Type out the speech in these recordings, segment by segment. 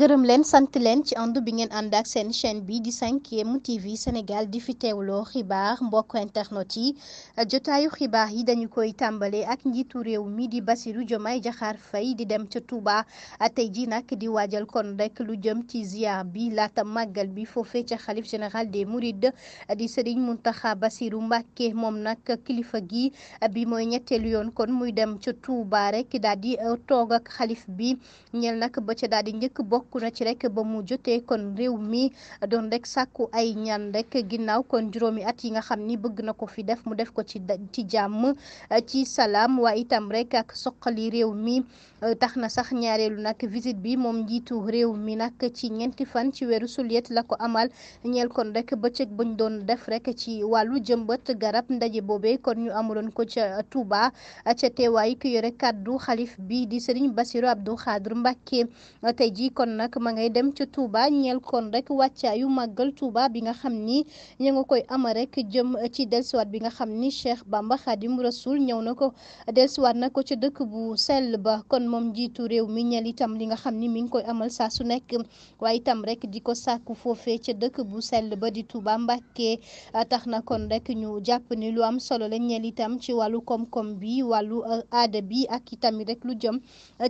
gërëm leen sant leen ci ànd bi ngeen ànd ak seen chaîne bi di 5M TV Sénégal di fi teewloo xibaar mbokk internet yi jotaayu xibaar yi dañu koy tàmbalee ak njiitu réew mi di Bassirou Diomaye jaxaar Faye di dem ca Touba ate ji nag di waajal kon rekk lu jëm ci ziar bi laata màggal bi foofee ca xalif général des Mourides di Serigne Mountakha basiru Mbacké moom nag kilifa gi bi mooy ñetteelu yoon kon muy dem ca Touba rek daal toog ak xalif bi ñeel nag ba njëkk bokk sàkku na ci rek ba mu jotee kon réew mi doon rek sàkku ay ñaan rekk ginnaaw kon juróomi at yi nga xam ni bëgg na ko fi def mu def ko ci ci jàmm ci salaam waaye itam rek ak soqali réew mi euh, tax na sax ñaareelu nag visite bi moom njiitu réew mi nag ci ñeenti fan ci weeru sulet la ko amal ñeel kon rek bëccëg bañ doon def rekk ci wàllu jëmbat garab ndaje boobee kon ñu amuloon ko ca Touba ca teewaay ki yore kàddu xalif bi di Serigne Bassirou Abdou Khadre Mbacké tey ji kon nag ma ngay dem ca Touba ñeel kon rek wàccaayu màggal Touba bi nga xam ni ñu nga koy ama rek jëm ci dellusiwaat bi nga xam ni Cheikh Bamba Khadim Rasoul ñëw na ko dellusiwaat na ko ca dëkk bu sell ba kon moom njiitu réew mi ñeel li nga xam ni mi ngi koy amal saa su nekk waaye itam rek di ko sàkku foofee ca dëkk bu sell ba di Touba Mbacké tax na kon rek ñu jàpp ni lu am solo la ñeel itam ci wàllu koom-koom bi wàllu aada bi ak itamit rek lu jëm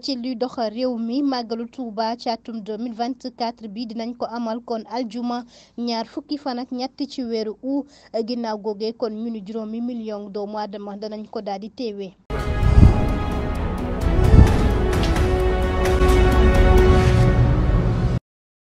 ci luy doxal réew mi màggalu Touba caatu atum 2024 bi dinañ ko amal kon aljuma ñaar fukki fan ak ñett ci weeru u ginnaaw googee kon ñu ni juróomi million doomu aadama danañ ko daal di teewee